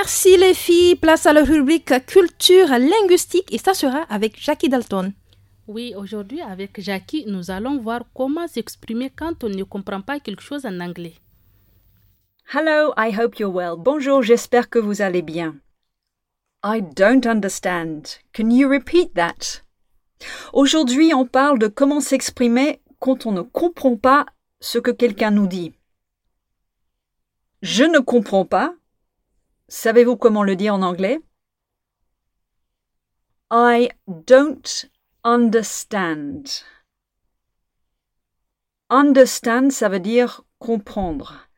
Merci les filles, place à la rubrique culture linguistique et ça sera avec Jackie Dalton. Oui, aujourd'hui avec Jackie, nous allons voir comment s'exprimer quand on ne comprend pas quelque chose en anglais. Hello, I hope you're well. Bonjour, j'espère que vous allez bien. I don't understand. Can you repeat that? Aujourd'hui, on parle de comment s'exprimer quand on ne comprend pas ce que quelqu'un nous dit. Je ne comprends pas Savez-vous comment le dire en anglais I don't understand. Understand, ça veut dire comprendre.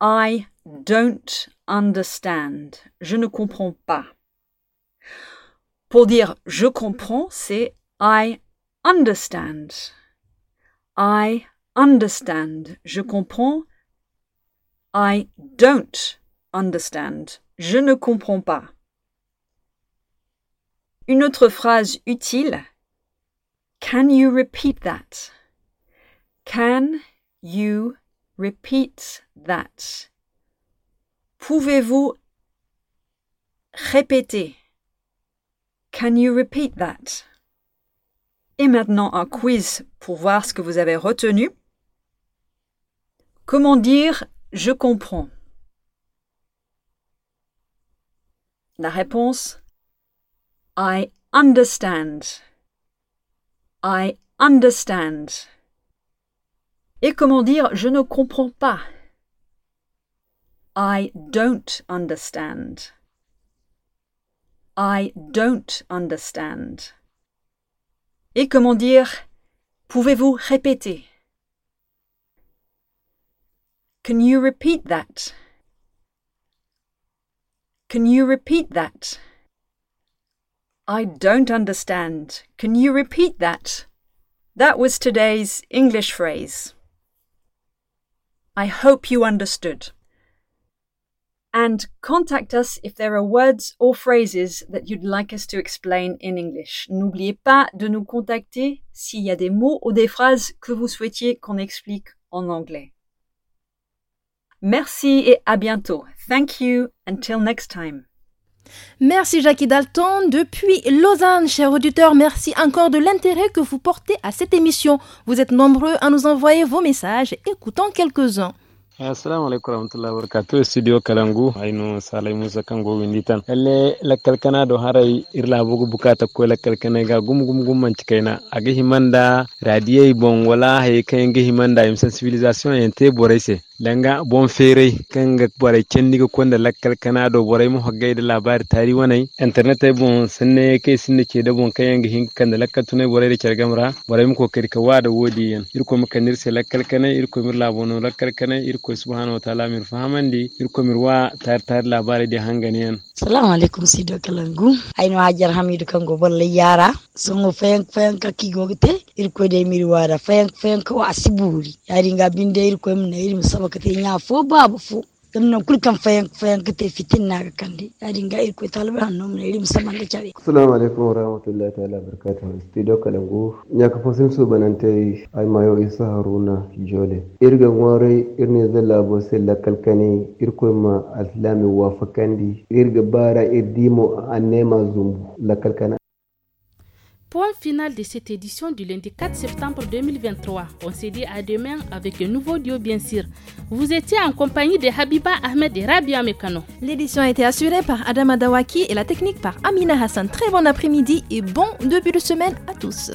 I don't understand. Je ne comprends pas. Pour dire je comprends, c'est I understand. I understand. Je comprends. I don't understand. Je ne comprends pas. Une autre phrase utile. Can you repeat that? Can you repeat that? Pouvez-vous répéter? Can you repeat that? Et maintenant un quiz pour voir ce que vous avez retenu. Comment dire je comprends? La réponse I understand. I understand. Et comment dire je ne comprends pas I don't understand. I don't understand. Et comment dire Pouvez-vous répéter Can you repeat that? Can you repeat that? I don't understand. Can you repeat that? That was today's English phrase. I hope you understood. And contact us if there are words or phrases that you'd like us to explain in English. N'oubliez pas de nous contacter s'il y a des mots ou des phrases que vous souhaitiez qu'on explique en anglais. Merci et à bientôt. Thank you. Until next time. Merci Jackie Dalton depuis Lausanne, chers auditeurs. Merci encore de l'intérêt que vous portez à cette émission. Vous êtes nombreux à nous envoyer vos messages. Écoutons quelques-uns. assalamu alaikum warahmatullahi wabarakatuh studio kalangu aino salai musa kango winditan lalle la kalkana do harai irla bugu bukata ko lakkal kalkana ga gum gum gum man cikaina agi himanda radiyai bon wala hay himanda im sensibilisation en te borese langa bon feerey kanga boray cendiga konda lakkal kana do boray mo hoggayde labari tari wonay internet ay e bon sanne ke sinne cede bon kayanga hin kanda lakkal tunay boray de cergamra boray mo ko kadi ka wada wodi yen irko mo se lakkal kana irko mir labono lakkal kana irko subhanahu wa ta'ala mir fahamandi irko mir wa tar tar labari de hangani yen salamu alaikum sido kalangu aino hajar hamidu kango bolle yara songo fayank fayank kigote irko de mir wada fayank fayank wa asiburi yari ngabinde irko mna irmo ba ka fo ba bu fo gamnan kulkan fayan fayan ka te fitin na ka dai ya dinga irko talibar hannu mun musamman da assalamu alaikum wa rahmatullahi ta'ala kalangu nya ka fosin su tai ai mayo isa haruna jole irgan ware irne zalla bo sai la kalkane irko ma aslami wa fakandi irga bara irdimo annema zumbu la kalkana point final de cette édition du lundi 4 septembre 2023. On se dit à demain avec un nouveau duo, bien sûr. Vous étiez en compagnie de Habiba Ahmed et Rabia Mekano. L'édition a été assurée par Adama Dawaki et la technique par Amina Hassan. Très bon après-midi et bon début de semaine à tous.